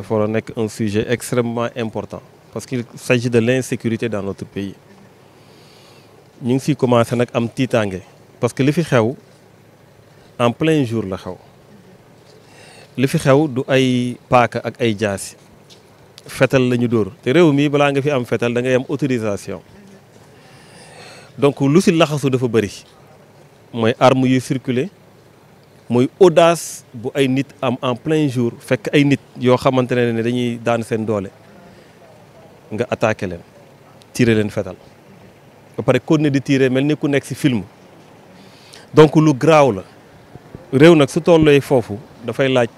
C'est un sujet extrêmement important parce qu'il s'agit de l'insécurité dans notre pays Nous commençons commencé petit am parce que li fi xew en plein jour la xew li fi xew du ay paka ak ay fétal la ñu té mi nga fi am da autorisation donc lu si laxasu dafa bari moy arme yu circuler moy audace bu ay nit am en plein jour fek ay nit yo xamante ne dañuy daan sen doole nga attaquer len tirer len fetal ba pare continuer di tirer mel ni ku nekk ci film donc lu graw la rew nak su fofu da fay laaj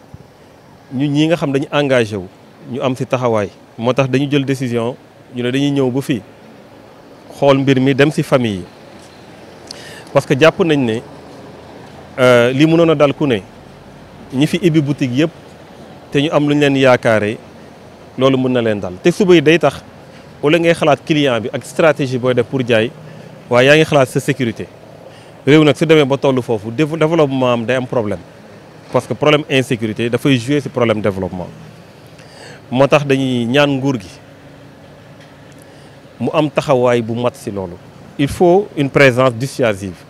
ñu ñi nga xam dañu engagé wu ñu am ci taxaway motax tax dañu jël décision ñu ne dañuy ñew bu fi xol mbir mi dem ci famille parce que japp nañ ne euh, li mënoon dal ku ne ñi fi ibi boutique yépp te ñu am luñu leen yaakaaré loolu mën na leen dal te suba yi day tax wala ngay xalaat client bi ak stratégie boy def pour jaay waaye yaa ngi xalaat sa sécurité réew nag su demee ba tollu foofu développement am day am problème parce que problème insécurité dafay jouer ci problème développement moo tax dañuy ñaan nguur gi mu am taxawaay bu mat ci loolu il faut une présence dissuasive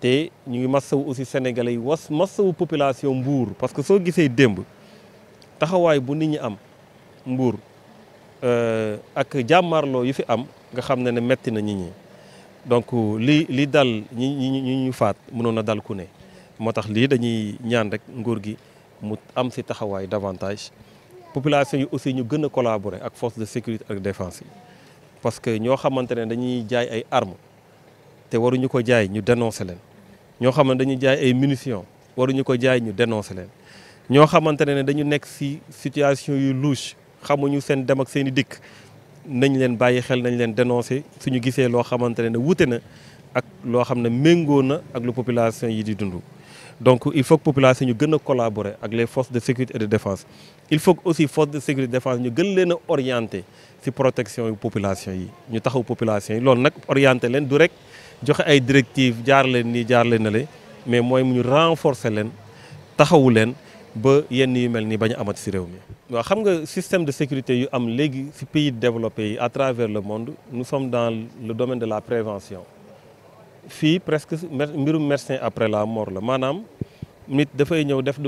te ñu ngi massawu aussi sénégalais yi was massawu population mbuur parce que soo gisee démb taxawaay bu nit ñi am mbuur euh, ak jàmmaarloo yu fi am nga xam ne ne metti na nit ñi donc li li dal ñi ñi ñu faat mënoon a dal ku ne moo tax lii dañuy ñaan rek nguur gi mu am si taxawaay davantage population yi aussi ñu gën a collaborer ak force de sécurité ak défense yi parce que ñoo xamante ne dañuy jaay ay armes te waruñu ko jaay ñu dénoncer leen ñoo xam ne dañu jaay ay munitions waruñu ko jaay ñu dénoncé leen ñoo xamante ne dañu nekk si situation yu louche xamuñu seen dem ak seen i dikk nañ leen bàyyi xel nañ leen dénoncé suñu gisee loo xamante ne wute na ak loo xam ne méngoo na ak lu population yi di dund. donc il faut que population ñu collaborent avec les forces de sécurité et de défense il faut que aussi forces de sécurité et de défense nous la leen orienter protection yu population Nous avons taxaw population Nous avons nag orienter leen du rek directives mais nous mu ñu renforcer leen taxawu leen ba yenn yu système de sécurité yu am pays développés à travers le monde nous sommes dans le domaine de la prévention fii presque mbirum médecin après la mort la maanaam nit dafay ñëw def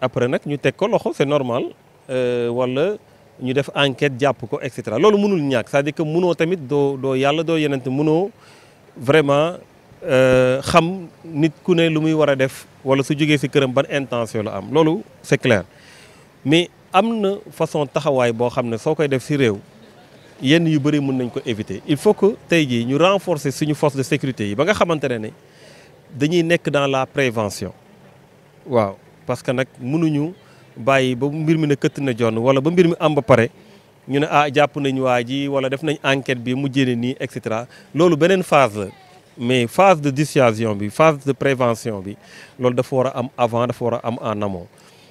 après nag ñu teg ko loxo c'est normal euh, wala ñu def enquête jàpp ko c'est-à-dire que tamit vraiment euh, xam nit ku intention c'est clair mais am façon taxawaay boo xam ne yenn yu bëri mën nañ ko éviter il faut que tey jii ñu renforcer suñu force de sécurité yi ba nga xamantene ne dañuy nekk dans la prévention waaw parce que nag mënuñu bàyyi ba mbir mi ne këtt na jonn wala ba mbir mi am ba pare ñu ne ah jàpp nañ waa ji wala def nañ enquête bi mu jéne nii et cetera loolu beneen phase la mais phase de dissuasion bi phase de prévention bi loolu dafa war a am avant dafa war a am en amont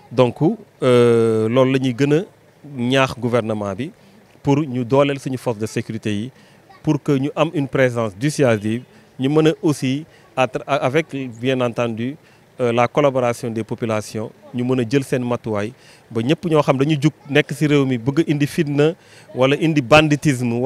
donc euh, loolu la ñuy gën a ñaax gouvernement bi pour nous donner une force de sécurité pour que nous ayons une présence du nous nous aussi avec bien entendu euh, la collaboration des populations nous jël matuwaay ba nous faire xam dañu Nous ne ci réew mi banditisme